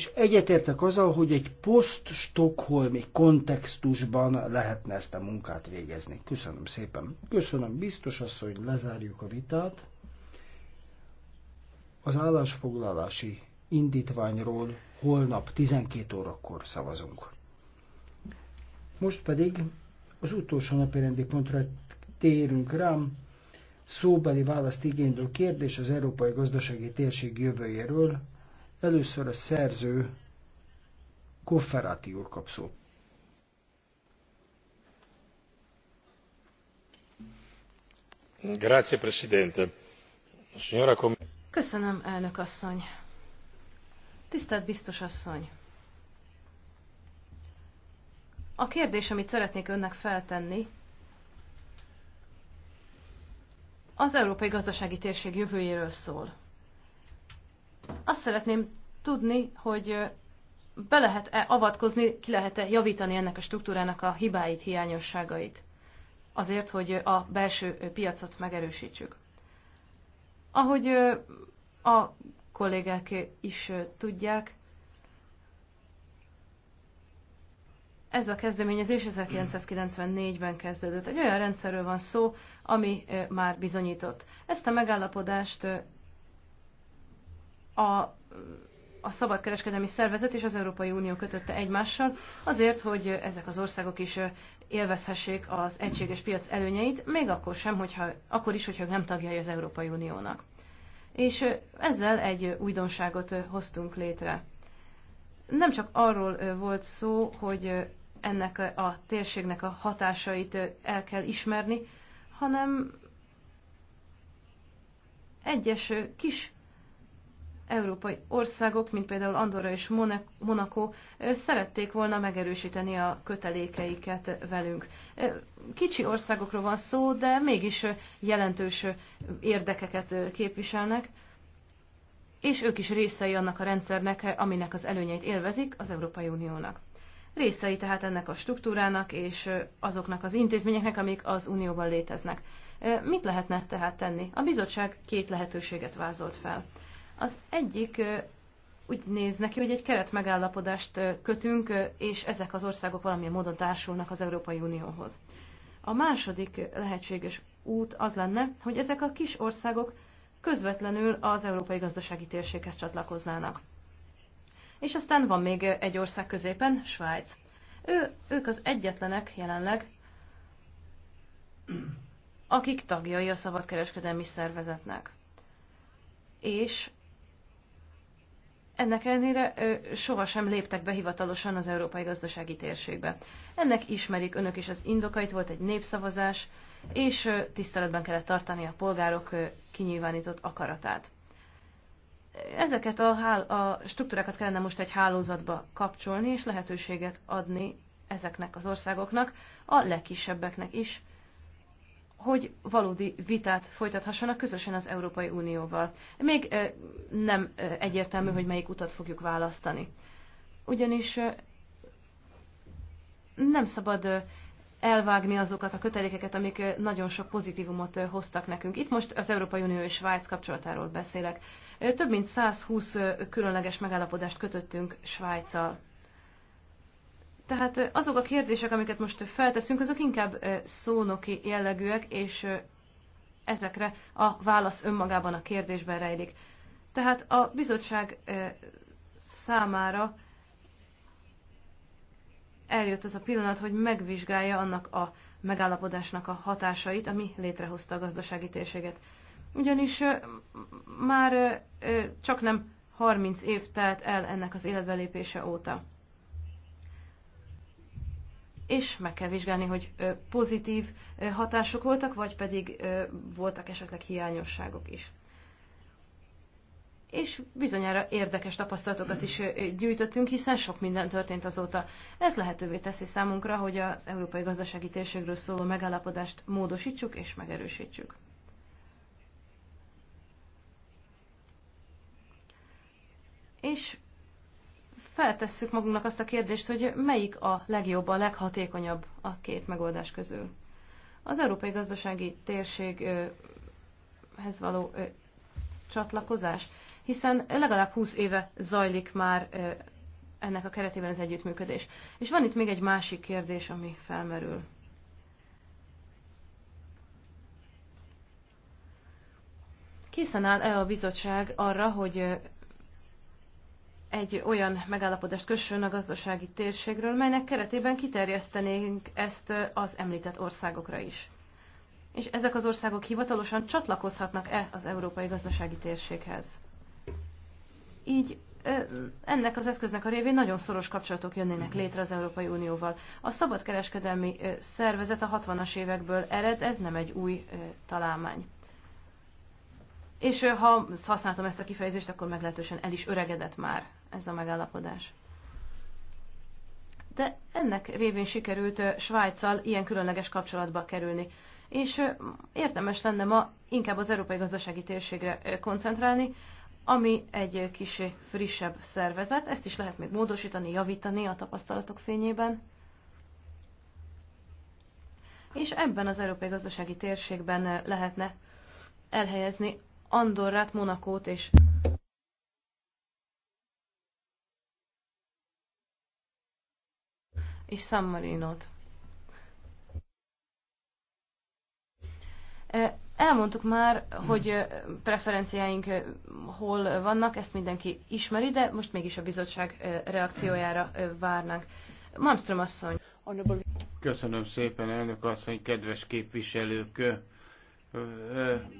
és egyetértek azzal, hogy egy post stokholmi kontextusban lehetne ezt a munkát végezni. Köszönöm szépen. Köszönöm, biztos az, hogy lezárjuk a vitát. Az állásfoglalási indítványról holnap 12 órakor szavazunk. Most pedig az utolsó rendi pontra térünk rám. Szóbeli választ igénylő kérdés az európai gazdasági térség jövőjéről, Először a szerző Kofferáti úr kap szót. Grazie, Presidente. Signora Com Köszönöm, elnök asszony. Tisztelt biztos asszony! A kérdés, amit szeretnék önnek feltenni, az európai gazdasági térség jövőjéről szól. Azt szeretném tudni, hogy be lehet-e avatkozni, ki lehet-e javítani ennek a struktúrának a hibáit, hiányosságait, azért, hogy a belső piacot megerősítsük. Ahogy a kollégák is tudják, Ez a kezdeményezés 1994-ben kezdődött. Egy olyan rendszerről van szó, ami már bizonyított. Ezt a megállapodást a a szabadkereskedelmi szervezet és az Európai Unió kötötte egymással, azért, hogy ezek az országok is élvezhessék az egységes piac előnyeit, még akkor sem, hogyha, akkor is, hogyha nem tagjai az Európai Uniónak. És ezzel egy újdonságot hoztunk létre. Nem csak arról volt szó, hogy ennek a térségnek a hatásait el kell ismerni, hanem egyes kis európai országok, mint például Andorra és Monaco szerették volna megerősíteni a kötelékeiket velünk. Kicsi országokról van szó, de mégis jelentős érdekeket képviselnek, és ők is részei annak a rendszernek, aminek az előnyeit élvezik az Európai Uniónak. Részei tehát ennek a struktúrának és azoknak az intézményeknek, amik az Unióban léteznek. Mit lehetne tehát tenni? A bizottság két lehetőséget vázolt fel. Az egyik úgy néz neki, hogy egy keret megállapodást kötünk, és ezek az országok valamilyen módon társulnak az Európai Unióhoz. A második lehetséges út az lenne, hogy ezek a kis országok közvetlenül az európai gazdasági térséghez csatlakoznának. És aztán van még egy ország középen, Svájc. Ő, ők az egyetlenek jelenleg, akik tagjai a szabadkereskedelmi szervezetnek. És ennek ellenére sohasem léptek be hivatalosan az európai gazdasági térségbe. Ennek ismerik önök is az indokait, volt egy népszavazás, és tiszteletben kellett tartani a polgárok kinyilvánított akaratát. Ezeket a, hál- a struktúrákat kellene most egy hálózatba kapcsolni, és lehetőséget adni ezeknek az országoknak, a legkisebbeknek is, hogy valódi vitát folytathassanak közösen az Európai Unióval. Még nem egyértelmű, hogy melyik utat fogjuk választani. Ugyanis nem szabad elvágni azokat a kötelékeket, amik nagyon sok pozitívumot hoztak nekünk. Itt most az Európai Unió és Svájc kapcsolatáról beszélek. Több mint 120 különleges megállapodást kötöttünk Svájccal. Tehát azok a kérdések, amiket most felteszünk, azok inkább szónoki jellegűek, és ezekre a válasz önmagában a kérdésben rejlik. Tehát a bizottság számára eljött az a pillanat, hogy megvizsgálja annak a megállapodásnak a hatásait, ami létrehozta a gazdasági térséget. Ugyanis már csak nem 30 év telt el ennek az életbelépése óta és meg kell vizsgálni, hogy pozitív hatások voltak, vagy pedig voltak esetleg hiányosságok is. És bizonyára érdekes tapasztalatokat is gyűjtöttünk, hiszen sok minden történt azóta. Ez lehetővé teszi számunkra, hogy az európai gazdasági térségről szóló megállapodást módosítsuk és megerősítsük. És feltesszük magunknak azt a kérdést, hogy melyik a legjobb, a leghatékonyabb a két megoldás közül. Az európai gazdasági térséghez való csatlakozás, hiszen legalább 20 éve zajlik már ennek a keretében az együttműködés. És van itt még egy másik kérdés, ami felmerül. Készen áll-e a bizottság arra, hogy egy olyan megállapodást kössön a gazdasági térségről, melynek keretében kiterjesztenénk ezt az említett országokra is. És ezek az országok hivatalosan csatlakozhatnak-e az európai gazdasági térséghez? Így ennek az eszköznek a révén nagyon szoros kapcsolatok jönnének létre az Európai Unióval. A szabadkereskedelmi szervezet a 60-as évekből ered, ez nem egy új találmány. És ha használtam ezt a kifejezést, akkor meglehetősen el is öregedett már ez a megállapodás. De ennek révén sikerült Svájccal ilyen különleges kapcsolatba kerülni. És érdemes lenne ma inkább az európai gazdasági térségre koncentrálni, ami egy kis frissebb szervezet. Ezt is lehet még módosítani, javítani a tapasztalatok fényében. És ebben az európai gazdasági térségben lehetne elhelyezni Andorrát, Monakót és és San Marinot. Elmondtuk már, hogy preferenciáink hol vannak, ezt mindenki ismeri, de most mégis a bizottság reakciójára várnánk. Malmström asszony. Köszönöm szépen, elnök asszony, kedves képviselők!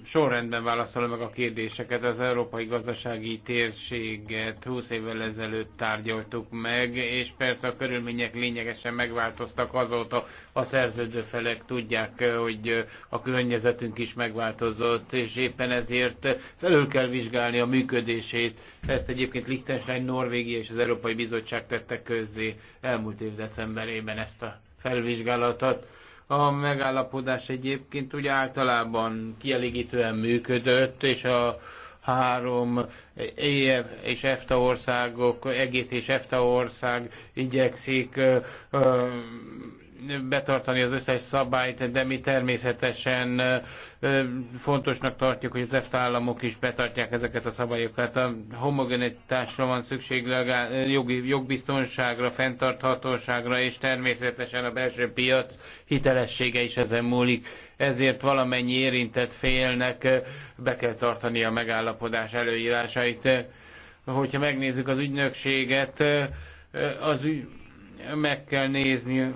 sorrendben válaszolom meg a kérdéseket. Az európai gazdasági térséget 20 évvel ezelőtt tárgyaltuk meg, és persze a körülmények lényegesen megváltoztak azóta. A szerződő felek tudják, hogy a környezetünk is megváltozott, és éppen ezért felül kell vizsgálni a működését. Ezt egyébként Liechtenstein, Norvégia és az Európai Bizottság tette közzé elmúlt év decemberében ezt a felvizsgálatot a megállapodás egyébként ugye általában kielégítően működött, és a három EF és EFTA országok, EGT és EFTA ország igyekszik betartani az összes szabályt, de mi természetesen fontosnak tartjuk, hogy az EFTA államok is betartják ezeket a szabályokat. A homogenitásra van szükség, jogi, jogbiztonságra, fenntarthatóságra, és természetesen a belső piac hitelessége is ezen múlik. Ezért valamennyi érintett félnek be kell tartani a megállapodás előírásait. Hogyha megnézzük az ügynökséget, az ügy, meg kell nézni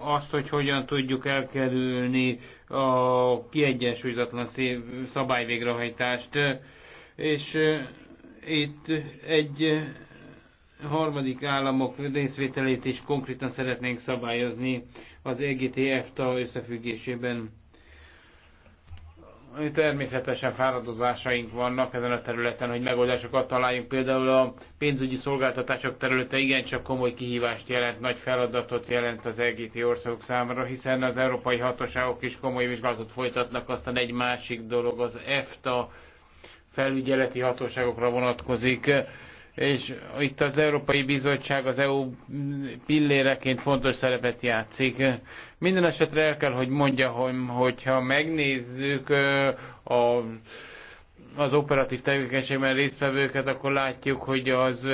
azt, hogy hogyan tudjuk elkerülni a kiegyensúlyozatlan szabályvégrehajtást. És itt egy harmadik államok részvételét is konkrétan szeretnénk szabályozni az EGT EFTA összefüggésében. Természetesen fáradozásaink vannak ezen a területen, hogy megoldásokat találjunk. Például a pénzügyi szolgáltatások területe igencsak komoly kihívást jelent, nagy feladatot jelent az EGT országok számára, hiszen az európai hatóságok is komoly vizsgálatot folytatnak. Aztán egy másik dolog az EFTA felügyeleti hatóságokra vonatkozik és itt az Európai Bizottság az EU pilléreként fontos szerepet játszik. Minden esetre el kell, hogy mondja, hogyha megnézzük a az operatív tevékenységben résztvevőket, akkor látjuk, hogy az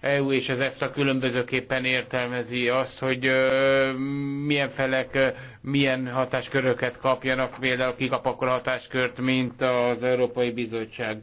EU és az EFTA különbözőképpen értelmezi azt, hogy milyen felek milyen hatásköröket kapjanak, például kikap akkor hatáskört, mint az Európai Bizottság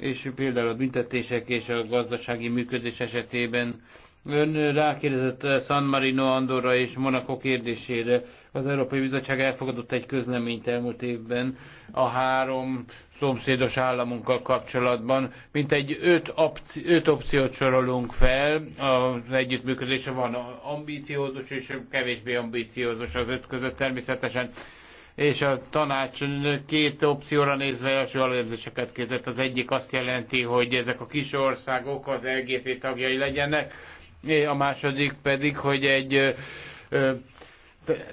és például a büntetések és a gazdasági működés esetében Ön rákérdezett San Marino, Andorra és Monaco kérdésére. Az Európai Bizottság elfogadott egy közleményt elmúlt évben a három szomszédos államunkkal kapcsolatban. Mint egy öt, opci- öt opciót sorolunk fel, az együttműködése van ambíciózus és kevésbé ambíciózus az öt között természetesen és a tanács két opcióra nézve első alapzéseket készített. Az egyik azt jelenti, hogy ezek a kis országok az LGT tagjai legyenek, a második pedig, hogy egy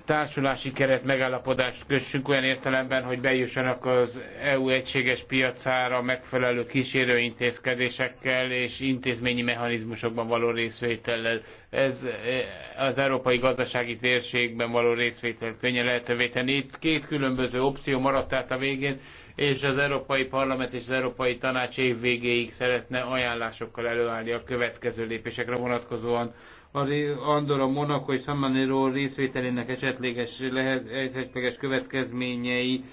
társulási keret megállapodást kössünk olyan értelemben, hogy bejussanak az EU egységes piacára megfelelő kísérő intézkedésekkel és intézményi mechanizmusokban való részvétellel. Ez eh, az európai gazdasági térségben való részvételt könnyen lehetővé tenni. Itt két különböző opció maradt át a végén, és az Európai Parlament és az Európai Tanács év végéig szeretne ajánlásokkal előállni a következő lépésekre vonatkozóan a Monaco és San részvételének esetleges, lehet, következményei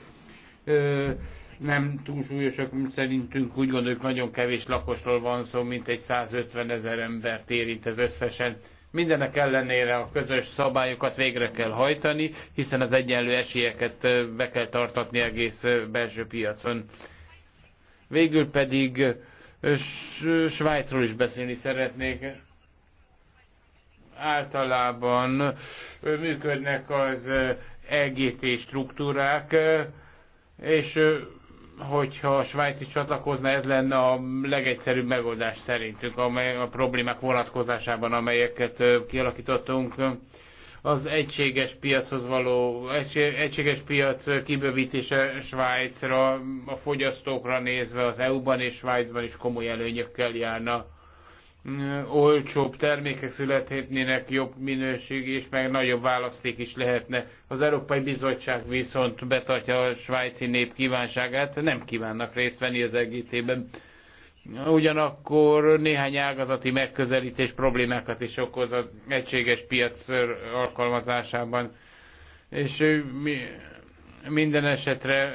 ö, nem túl súlyosak, szerintünk úgy gondoljuk, nagyon kevés lakosról van szó, mint egy 150 ezer embert érint ez összesen. Mindenek ellenére a közös szabályokat végre kell hajtani, hiszen az egyenlő esélyeket be kell tartatni egész belső piacon. Végül pedig Svájcról is beszélni szeretnék általában működnek az EGT struktúrák, és hogyha a Svájci csatlakozna, ez lenne a legegyszerűbb megoldás szerintünk, amely a problémák vonatkozásában, amelyeket kialakítottunk az egységes piachoz való, egységes piac kibővítése Svájcra, a fogyasztókra nézve az EU-ban és Svájcban is komoly előnyökkel járna olcsóbb termékek születhetnének, jobb minőség és meg nagyobb választék is lehetne. Az Európai Bizottság viszont betartja a svájci nép kívánságát, nem kívánnak részt venni az egt Ugyanakkor néhány ágazati megközelítés problémákat is okoz az egységes piac alkalmazásában. És mi, minden esetre,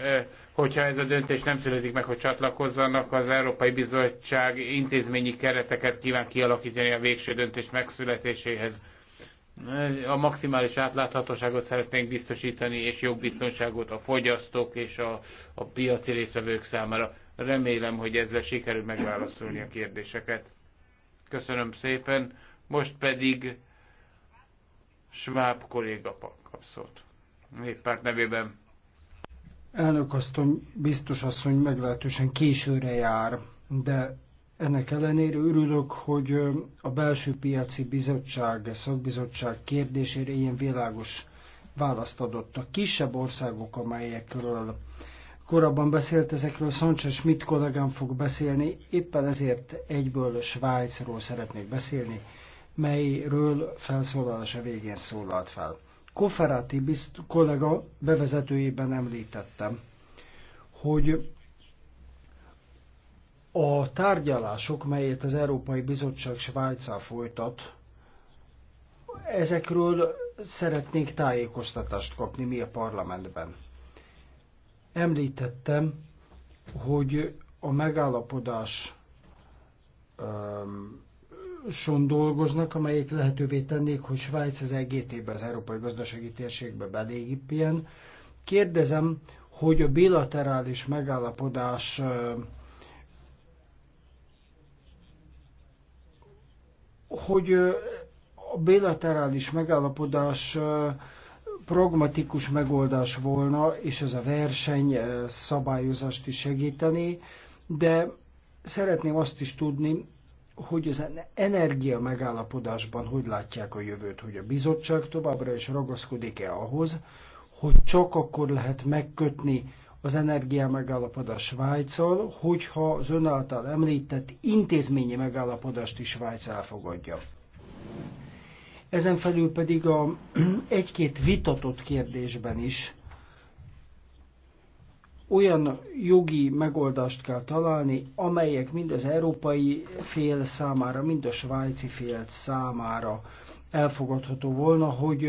hogyha ez a döntés nem születik meg, hogy csatlakozzanak, az Európai Bizottság intézményi kereteket kíván kialakítani a végső döntés megszületéséhez. A maximális átláthatóságot szeretnénk biztosítani, és jogbiztonságot biztonságot a fogyasztók és a, a piaci résztvevők számára. Remélem, hogy ezzel sikerül megválaszolni a kérdéseket. Köszönöm szépen. Most pedig Schwab kolléga kap szót. Néppárt nevében. Elnök asszony, biztos asszony meglehetősen későre jár, de ennek ellenére örülök, hogy a belső piaci bizottság, szakbizottság kérdésére ilyen világos választ adott. A kisebb országok, amelyekről korábban beszélt, ezekről Sanchez Schmidt kollégám fog beszélni, éppen ezért egyből Svájcról szeretnék beszélni, melyről felszólalása végén szólalt fel. Koferati bizt, kollega bevezetőjében említettem, hogy a tárgyalások, melyet az Európai Bizottság Svájcá folytat, ezekről szeretnék tájékoztatást kapni mi a parlamentben. Említettem, hogy a megállapodás um, azon dolgoznak, amelyek lehetővé tennék, hogy Svájc az EGT-be, az Európai Gazdasági Térségbe belépjen. Kérdezem, hogy a bilaterális megállapodás hogy a bilaterális megállapodás pragmatikus megoldás volna, és ez a verseny szabályozást is segíteni, de szeretném azt is tudni, hogy az energia megállapodásban hogy látják a jövőt, hogy a bizottság továbbra is ragaszkodik-e ahhoz, hogy csak akkor lehet megkötni az energia megállapodás Svájccal, hogyha az ön által említett intézményi megállapodást is Svájc elfogadja. Ezen felül pedig a egy-két vitatott kérdésben is olyan jogi megoldást kell találni, amelyek mind az európai fél számára, mind a svájci fél számára elfogadható volna, hogy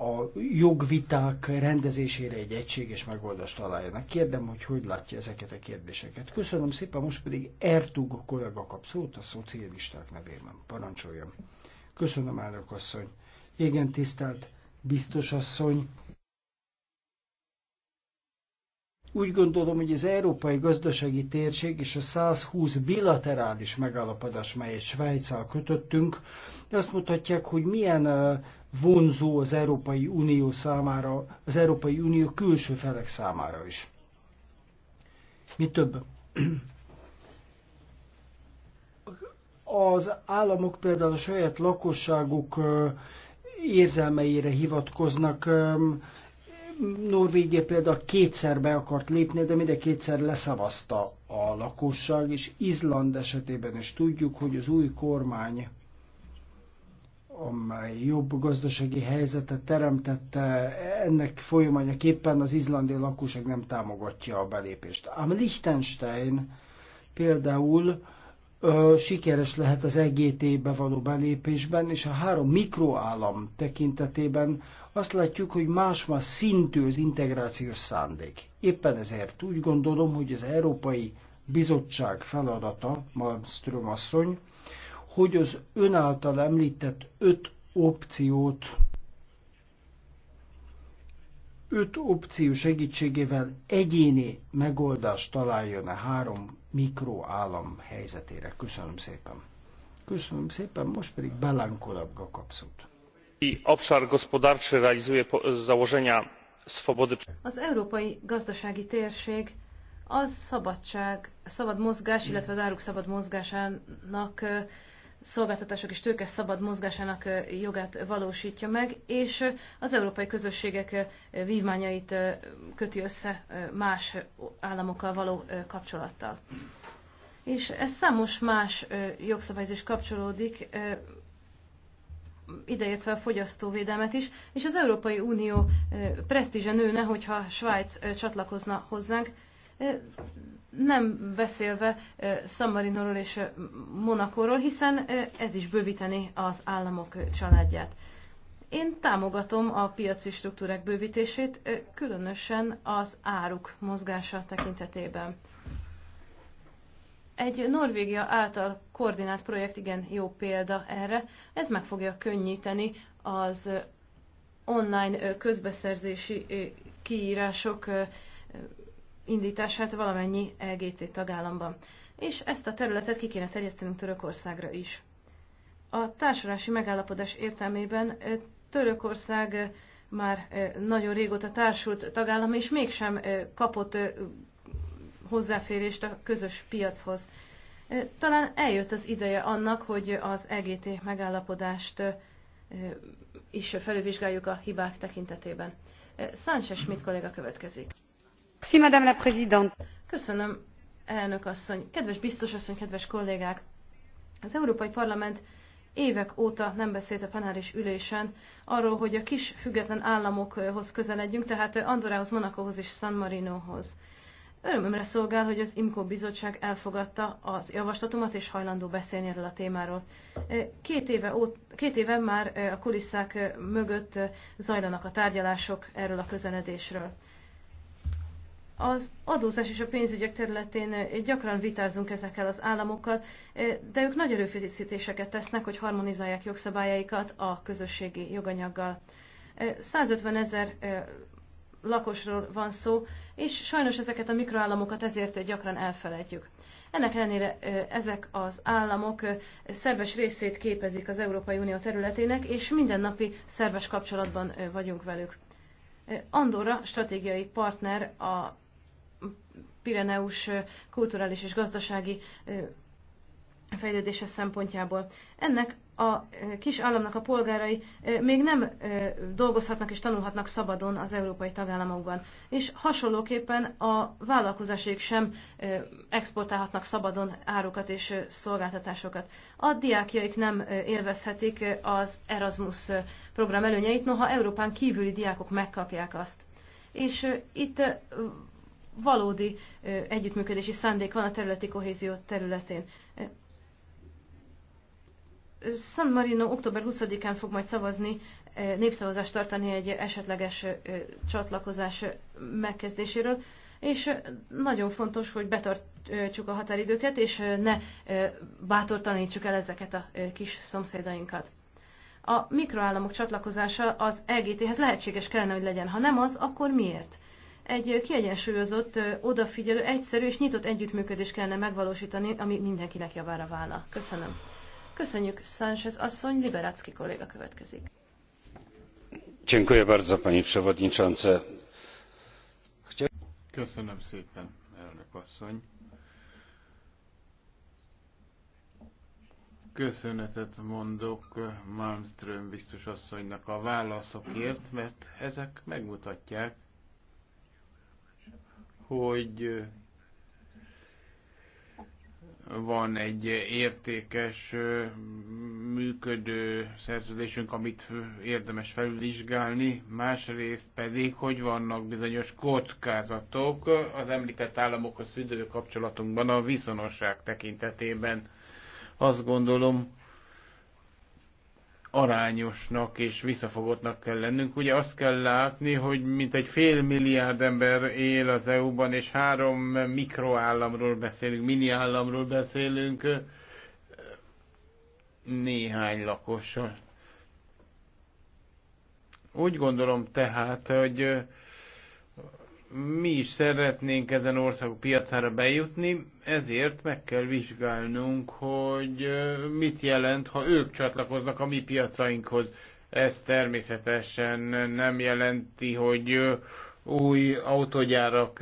a jogviták rendezésére egy egységes megoldást találjanak. Kérdem, hogy hogy látja ezeket a kérdéseket. Köszönöm szépen, most pedig Ertug kollega kap szót a szocialisták nevében. Parancsoljam. Köszönöm, elnök asszony. Igen, tisztelt biztos asszony, úgy gondolom, hogy az európai gazdasági térség és a 120 bilaterális megállapodás, melyet Svájccal kötöttünk, azt mutatják, hogy milyen vonzó az Európai Unió számára, az Európai Unió külső felek számára is. Mi több? Az államok például a saját lakosságuk érzelmeire hivatkoznak, Norvégia például kétszer be akart lépni, de mindegy kétszer leszavazta a lakosság, és Izland esetében is tudjuk, hogy az új kormány, amely jobb gazdasági helyzetet teremtette, ennek folyamányaképpen az izlandi lakosság nem támogatja a belépést. Ám Liechtenstein például sikeres lehet az EGT-be való belépésben, és a három mikroállam tekintetében azt látjuk, hogy más-más szintű az integrációs szándék. Éppen ezért úgy gondolom, hogy az Európai Bizottság feladata, Malmström asszony, hogy az ön által említett öt opciót öt opció segítségével egyéni megoldást találjon a három mikroállam helyzetére. Köszönöm szépen. Köszönöm szépen, most pedig Belankolabga kapszott. Obszár gospodarczy realizuje założenia swobody. Az európai gazdasági térség az szabadság, szabad mozgás, illetve az áruk szabad mozgásának szolgáltatások és tőke szabad mozgásának jogát valósítja meg, és az európai közösségek vívmányait köti össze más államokkal való kapcsolattal. És ez számos más jogszabályzás kapcsolódik, ideértve a fogyasztóvédelmet is, és az Európai Unió presztízse nőne, hogyha Svájc csatlakozna hozzánk nem beszélve Szamarinorról és Monakóról, hiszen ez is bővíteni az államok családját. Én támogatom a piaci struktúrák bővítését, különösen az áruk mozgása tekintetében. Egy Norvégia által koordinált projekt igen jó példa erre. Ez meg fogja könnyíteni az online közbeszerzési kiírások indítását valamennyi LGT tagállamban, és ezt a területet ki kéne terjesztenünk Törökországra is. A társulási megállapodás értelmében Törökország már nagyon régóta társult tagállam, és mégsem kapott hozzáférést a közös piachoz. Talán eljött az ideje annak, hogy az EGT megállapodást is felülvizsgáljuk a hibák tekintetében. Sánchez Schmidt kolléga következik. Madame la Présidente. Köszönöm, elnök asszony. Kedves biztos asszony, kedves kollégák! Az Európai Parlament évek óta nem beszélt a plenáris ülésen arról, hogy a kis független államokhoz közeledjünk, tehát Andorához, Monakohoz és San Marinohoz. Örömömre szolgál, hogy az IMCO bizottság elfogadta az javaslatomat, és hajlandó beszélni erről a témáról. Két éve, ó, két éve már a kulisszák mögött zajlanak a tárgyalások erről a közeledésről. Az adózás és a pénzügyek területén gyakran vitázunk ezekkel az államokkal, de ők nagy erőfeszítéseket tesznek, hogy harmonizálják jogszabályaikat a közösségi joganyaggal. 150 ezer lakosról van szó, és sajnos ezeket a mikroállamokat ezért gyakran elfelejtjük. Ennek ellenére ezek az államok szerves részét képezik az Európai Unió területének, és mindennapi szerves kapcsolatban vagyunk velük. Andorra stratégiai partner a Pireneus kulturális és gazdasági fejlődése szempontjából. Ennek a kis államnak a polgárai még nem dolgozhatnak és tanulhatnak szabadon az európai tagállamokban. És hasonlóképpen a vállalkozásaik sem exportálhatnak szabadon árukat és szolgáltatásokat. A diákjaik nem élvezhetik az Erasmus program előnyeit, noha Európán kívüli diákok megkapják azt. És itt valódi együttműködési szándék van a területi kohézió területén. San Marino október 20-án fog majd szavazni, népszavazást tartani egy esetleges csatlakozás megkezdéséről, és nagyon fontos, hogy betartsuk a határidőket, és ne bátortanítsuk el ezeket a kis szomszédainkat. A mikroállamok csatlakozása az EGT-hez lehetséges kellene, hogy legyen, ha nem az, akkor miért? egy kiegyensúlyozott, odafigyelő, egyszerű és nyitott együttműködés kellene megvalósítani, ami mindenkinek javára válna. Köszönöm. Köszönjük, Sánchez asszony, Liberácki kolléga következik. Dziękuję bardzo, pani Köszönöm szépen, elnök asszony. Köszönetet mondok Malmström biztos asszonynak a válaszokért, mert ezek megmutatják, hogy van egy értékes, működő szerződésünk, amit érdemes felvizsgálni, másrészt pedig, hogy vannak bizonyos kockázatok az említett államokhoz fűződő kapcsolatunkban a viszonosság tekintetében. Azt gondolom, arányosnak és visszafogottnak kell lennünk. Ugye azt kell látni, hogy mint egy fél milliárd ember él az EU-ban, és három mikroállamról beszélünk, mini államról beszélünk, néhány lakossal. Úgy gondolom tehát, hogy mi is szeretnénk ezen országok piacára bejutni, ezért meg kell vizsgálnunk, hogy mit jelent, ha ők csatlakoznak a mi piacainkhoz. Ez természetesen nem jelenti, hogy új autogyárak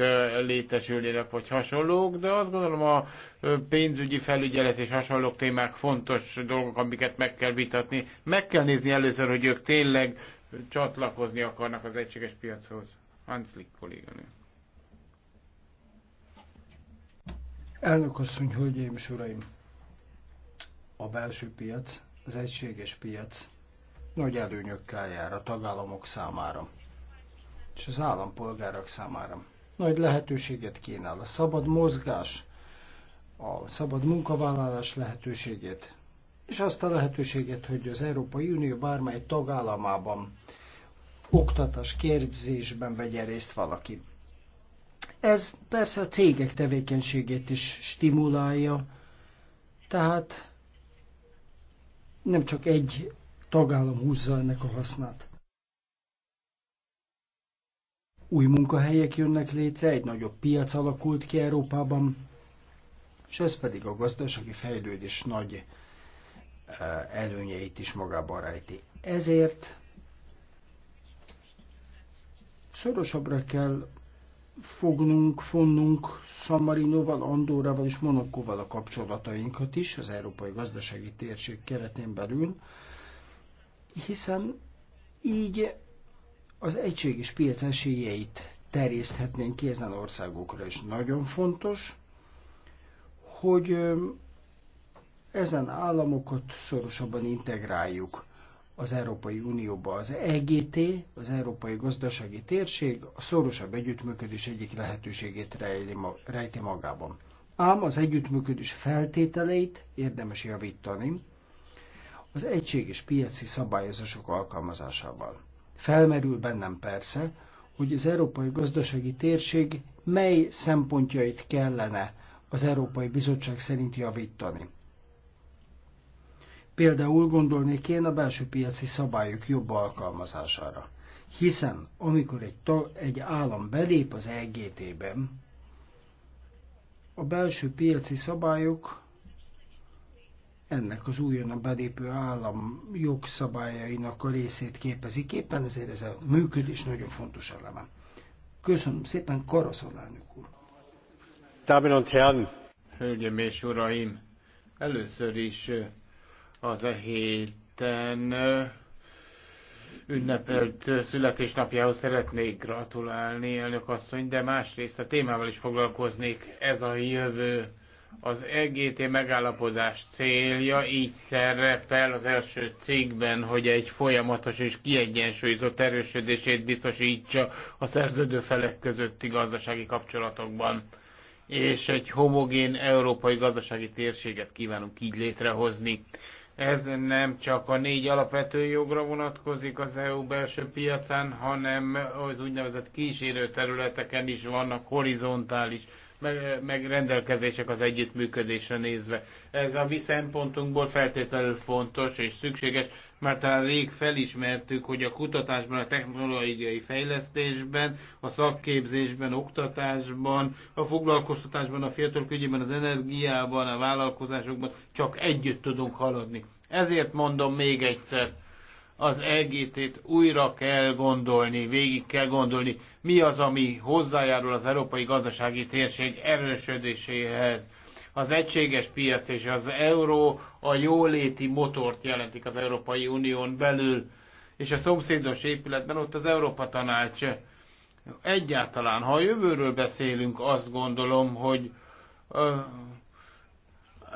létesülnének, vagy hasonlók, de azt gondolom a pénzügyi felügyelet és hasonló témák fontos dolgok, amiket meg kell vitatni. Meg kell nézni először, hogy ők tényleg csatlakozni akarnak az egységes piachoz. Hanslik kolléganő. Elnök asszony, hölgyeim és uraim! A belső piac, az egységes piac nagy előnyökkel jár a tagállamok számára és az állampolgárok számára. Nagy lehetőséget kínál a szabad mozgás, a szabad munkavállalás lehetőségét, és azt a lehetőséget, hogy az Európai Unió bármely tagállamában oktatás képzésben vegye részt valaki. Ez persze a cégek tevékenységét is stimulálja, tehát nem csak egy tagállam húzza ennek a hasznát. Új munkahelyek jönnek létre, egy nagyobb piac alakult ki Európában, és ez pedig a gazdasági fejlődés nagy eh, előnyeit is magában rejti. Ezért Szorosabbra kell fognunk, fonnunk szamarinóval, Andorával és Monokóval a kapcsolatainkat is az Európai Gazdasági Térség keretén belül, hiszen így az egységes piac esélyeit terjeszthetnénk ki ezen országokra, és nagyon fontos, hogy ezen államokat szorosabban integráljuk az Európai Unióba. Az EGT, az Európai Gazdasági Térség a szorosabb együttműködés egyik lehetőségét rejti magában. Ám az együttműködés feltételeit érdemes javítani az egységes piaci szabályozások alkalmazásával. Felmerül bennem persze, hogy az Európai Gazdasági Térség mely szempontjait kellene az Európai Bizottság szerint javítani. Például gondolni kéne a belső piaci szabályok jobb alkalmazására. Hiszen amikor egy, tag, egy állam belép az EGT-ben, a belső piaci szabályok ennek az újonnan belépő állam jogszabályainak a részét képezik, éppen ezért ez a működés nagyon fontos eleme. Köszönöm szépen, Karaszol elnök úr! Damen und Herren! Hölgyeim és uraim! Először is az a e héten ünnepelt születésnapjához szeretnék gratulálni, elnök asszony, de másrészt a témával is foglalkoznék. Ez a jövő az EGT megállapodás célja így szerepel az első cikkben, hogy egy folyamatos és kiegyensúlyozott erősödését biztosítsa a szerződő felek közötti gazdasági kapcsolatokban. És egy homogén európai gazdasági térséget kívánunk így létrehozni. Ez nem csak a négy alapvető jogra vonatkozik az EU belső piacán, hanem az úgynevezett kísérő területeken is vannak horizontális megrendelkezések az együttműködésre nézve. Ez a mi szempontunkból feltétlenül fontos és szükséges már talán rég felismertük, hogy a kutatásban, a technológiai fejlesztésben, a szakképzésben, oktatásban, a foglalkoztatásban, a fiatalok ügyében, az energiában, a vállalkozásokban csak együtt tudunk haladni. Ezért mondom még egyszer, az EGT-t újra kell gondolni, végig kell gondolni, mi az, ami hozzájárul az európai gazdasági térség erősödéséhez az egységes piac és az euró a jóléti motort jelentik az Európai Unión belül, és a szomszédos épületben ott az Európa Tanács. Egyáltalán, ha a jövőről beszélünk, azt gondolom, hogy ö,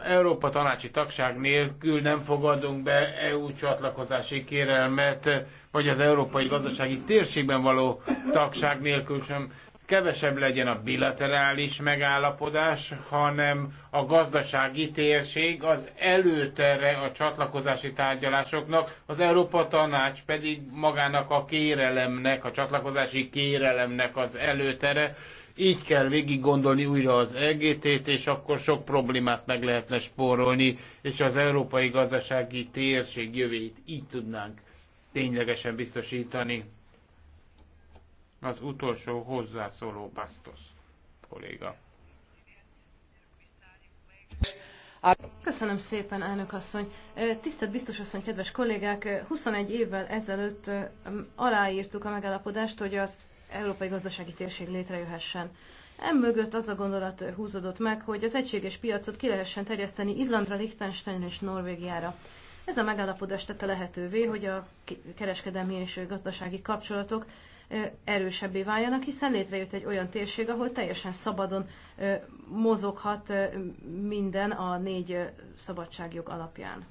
Európa tanácsi tagság nélkül nem fogadunk be EU csatlakozási kérelmet, vagy az európai gazdasági térségben való tagság nélkül sem kevesebb legyen a bilaterális megállapodás, hanem a gazdasági térség az előtere a csatlakozási tárgyalásoknak, az Európa Tanács pedig magának a kérelemnek, a csatlakozási kérelemnek az előtere. Így kell végig gondolni újra az EGT-t, és akkor sok problémát meg lehetne spórolni, és az európai gazdasági térség jövőjét így tudnánk ténylegesen biztosítani. Az utolsó hozzászóló Bastos kolléga. Köszönöm szépen, elnök asszony. Tisztelt biztos asszony, kedves kollégák! 21 évvel ezelőtt aláírtuk a megállapodást, hogy az Európai Gazdasági Térség létrejöhessen. Emögött az a gondolat húzódott meg, hogy az egységes piacot ki lehessen terjeszteni Izlandra, Liechtensteinre és Norvégiára. Ez a megállapodás tette lehetővé, hogy a kereskedelmi és gazdasági kapcsolatok erősebbé váljanak, hiszen létrejött egy olyan térség, ahol teljesen szabadon mozoghat minden a négy szabadságjog alapján.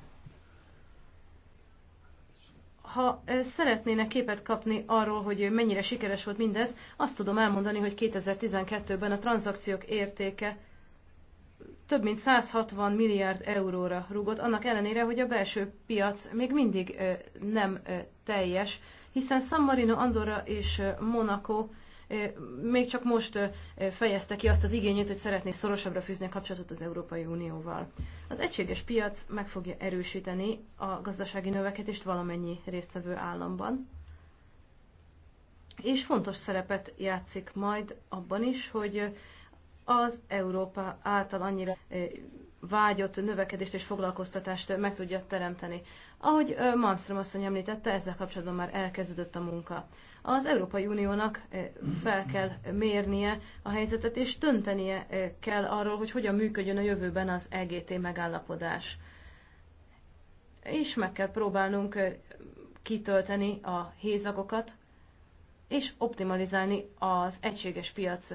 Ha szeretnének képet kapni arról, hogy mennyire sikeres volt mindez, azt tudom elmondani, hogy 2012-ben a tranzakciók értéke több mint 160 milliárd euróra rúgott, annak ellenére, hogy a belső piac még mindig nem teljes hiszen San Marino, Andorra és Monaco még csak most fejezte ki azt az igényét, hogy szeretné szorosabbra fűzni a kapcsolatot az Európai Unióval. Az egységes piac meg fogja erősíteni a gazdasági növekedést valamennyi résztvevő államban, és fontos szerepet játszik majd abban is, hogy az Európa által annyira vágyott növekedést és foglalkoztatást meg tudja teremteni. Ahogy Malmström asszony említette, ezzel kapcsolatban már elkezdődött a munka. Az Európai Uniónak fel kell mérnie a helyzetet, és döntenie kell arról, hogy hogyan működjön a jövőben az EGT megállapodás. És meg kell próbálnunk kitölteni a hézagokat, és optimalizálni az egységes piac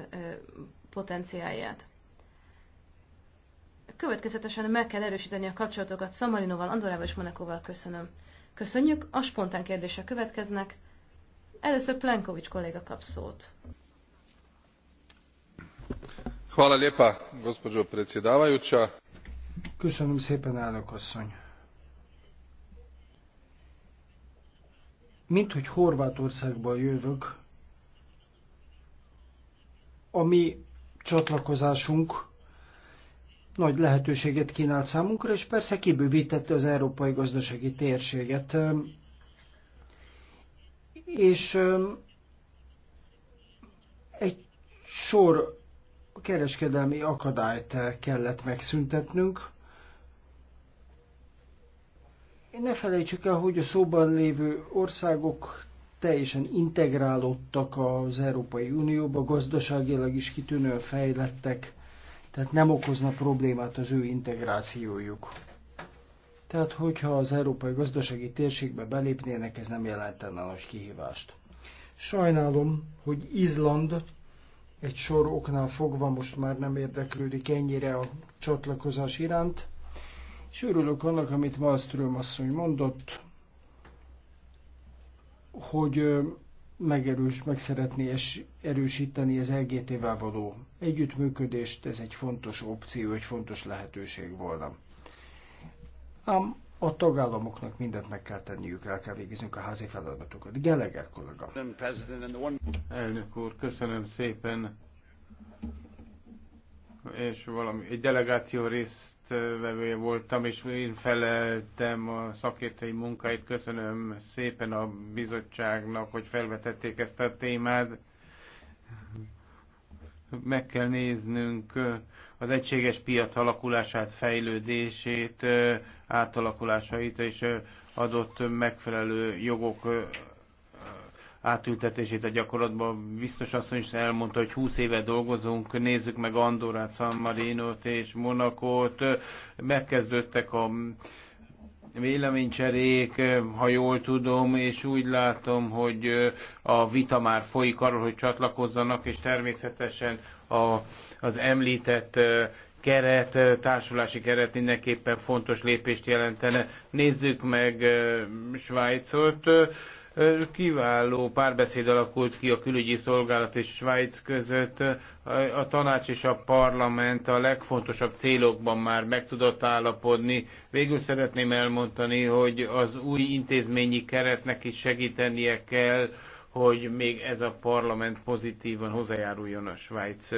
potenciáját következetesen meg kell erősíteni a kapcsolatokat Szamarinoval, Andorával és Monekóval köszönöm. Köszönjük, a spontán kérdése következnek. Először Plenkovics kolléga kap szót. Hvala lépa, gospodzsó predsjedavajuća. Köszönöm szépen, elnök asszony. Mint hogy Horvátországból jövök, ami csatlakozásunk nagy lehetőséget kínált számunkra, és persze kibővítette az európai gazdasági térséget. És egy sor kereskedelmi akadályt kellett megszüntetnünk. Ne felejtsük el, hogy a szóban lévő országok teljesen integrálódtak az Európai Unióba, gazdaságilag is kitűnően fejlettek tehát nem okozna problémát az ő integrációjuk. Tehát, hogyha az európai gazdasági térségbe belépnének, ez nem jelentene nagy kihívást. Sajnálom, hogy Izland egy sor oknál fogva most már nem érdeklődik ennyire a csatlakozás iránt, és örülök annak, amit Malmström asszony mondott, hogy megerős, meg szeretné es, erősíteni az LGT-vel való együttműködést, ez egy fontos opció, egy fontos lehetőség volna. Ám a tagállamoknak mindent meg kell tenniük, el kell végeznünk a házi feladatokat. Geleger kollega. Elnök úr, köszönöm szépen és valami, egy delegáció résztvevője voltam, és én feleltem a szakértői munkáit. Köszönöm szépen a bizottságnak, hogy felvetették ezt a témát. Meg kell néznünk az egységes piac alakulását, fejlődését, átalakulásait, és adott megfelelő jogok átültetését a gyakorlatban. Biztos asszony is elmondta, hogy 20 éve dolgozunk, nézzük meg Andorát, San Marinot és Monakot. Megkezdődtek a véleménycserék, ha jól tudom, és úgy látom, hogy a vita már folyik arról, hogy csatlakozzanak, és természetesen a, az említett keret, társulási keret mindenképpen fontos lépést jelentene. Nézzük meg Svájcot Kiváló párbeszéd alakult ki a külügyi szolgálat és Svájc között. A tanács és a parlament a legfontosabb célokban már meg tudott állapodni. Végül szeretném elmondani, hogy az új intézményi keretnek is segítenie kell, hogy még ez a parlament pozitívan hozzájáruljon a Svájc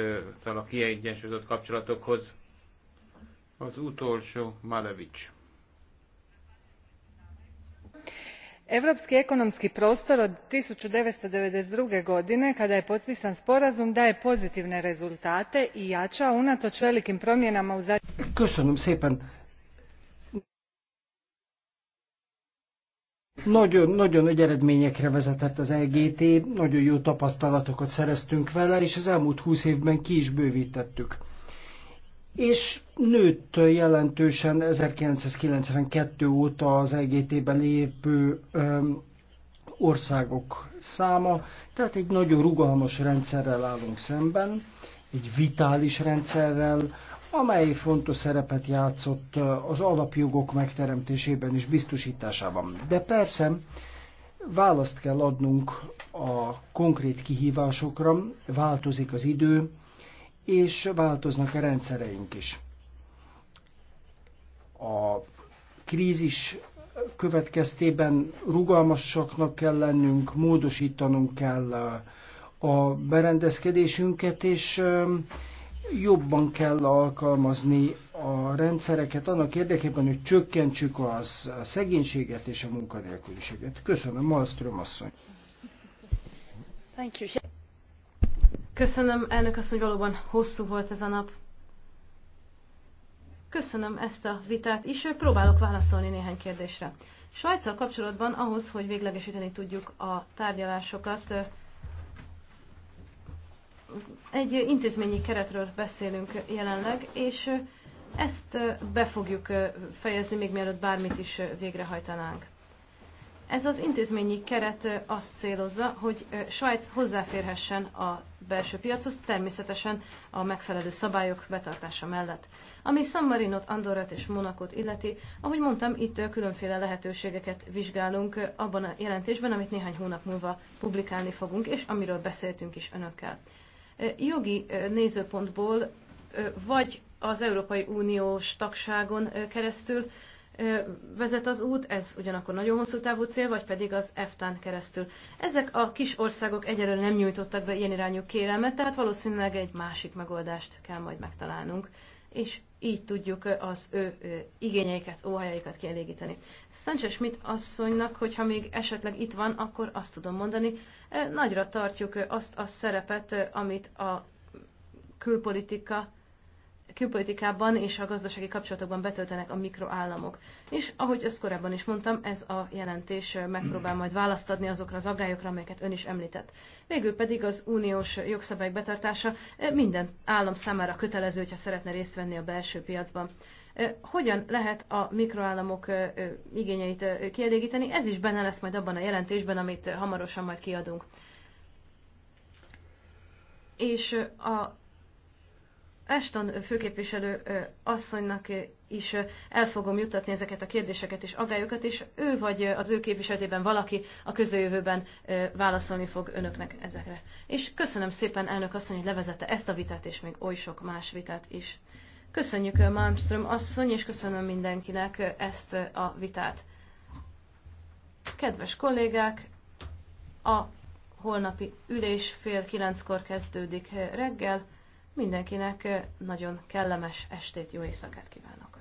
a kiegyensúlyozott kapcsolatokhoz. Az utolsó Malevics. europski ekonomski prostor od one thousand nine hundred and ninety two godine kada je potpisan sporazum daje pozitivne rezultate i jaa unato velikim promjenama u zadnjih Nagyon, jó tapasztalatokat szereztünk és az elmúlt évben bővítettük és nőtt jelentősen 1992 óta az EGT-be lépő országok száma, tehát egy nagyon rugalmas rendszerrel állunk szemben, egy vitális rendszerrel, amely fontos szerepet játszott az alapjogok megteremtésében és biztosításában. De persze választ kell adnunk a konkrét kihívásokra, változik az idő, és változnak a rendszereink is. A krízis következtében rugalmasaknak kell lennünk, módosítanunk kell a berendezkedésünket, és jobban kell alkalmazni a rendszereket annak érdekében, hogy csökkentsük az a szegénységet és a munkanélküliséget. Köszönöm, Malmström asszony! Thank you. Köszönöm, elnök hogy valóban hosszú volt ez a nap. Köszönöm ezt a vitát is, próbálok válaszolni néhány kérdésre. Svájccal kapcsolatban ahhoz, hogy véglegesíteni tudjuk a tárgyalásokat, egy intézményi keretről beszélünk jelenleg, és ezt be fogjuk fejezni, még mielőtt bármit is végrehajtanánk. Ez az intézményi keret azt célozza, hogy Svájc hozzáférhessen a belső piachoz, természetesen a megfelelő szabályok betartása mellett. Ami San Marinot, Andorrat és Monakot illeti, ahogy mondtam, itt különféle lehetőségeket vizsgálunk abban a jelentésben, amit néhány hónap múlva publikálni fogunk, és amiről beszéltünk is önökkel. Jogi nézőpontból vagy az Európai Uniós tagságon keresztül, vezet az út, ez ugyanakkor nagyon hosszú távú cél, vagy pedig az EFTA-n keresztül. Ezek a kis országok egyelőre nem nyújtottak be ilyen irányú kérelmet, tehát valószínűleg egy másik megoldást kell majd megtalálnunk, és így tudjuk az ő, ő igényeiket, óhajaikat kielégíteni. Sánchez Schmidt asszonynak, hogyha még esetleg itt van, akkor azt tudom mondani, nagyra tartjuk azt a szerepet, amit a külpolitika külpolitikában és a gazdasági kapcsolatokban betöltenek a mikroállamok. És ahogy ezt korábban is mondtam, ez a jelentés megpróbál majd választ adni azokra az aggályokra, amelyeket ön is említett. Végül pedig az uniós jogszabályok betartása minden állam számára kötelező, ha szeretne részt venni a belső piacban. Hogyan lehet a mikroállamok igényeit kielégíteni? Ez is benne lesz majd abban a jelentésben, amit hamarosan majd kiadunk. És a Ashton főképviselő asszonynak is el fogom jutatni ezeket a kérdéseket és agályokat, és ő vagy az ő képviseletében valaki a közeljövőben válaszolni fog önöknek ezekre. És köszönöm szépen elnök asszony, hogy levezette ezt a vitát, és még oly sok más vitát is. Köszönjük Malmström asszony, és köszönöm mindenkinek ezt a vitát. Kedves kollégák, a holnapi ülés fél kilenckor kezdődik reggel. Mindenkinek eh, nagyon kellemes estét, jó éjszakát kívánok!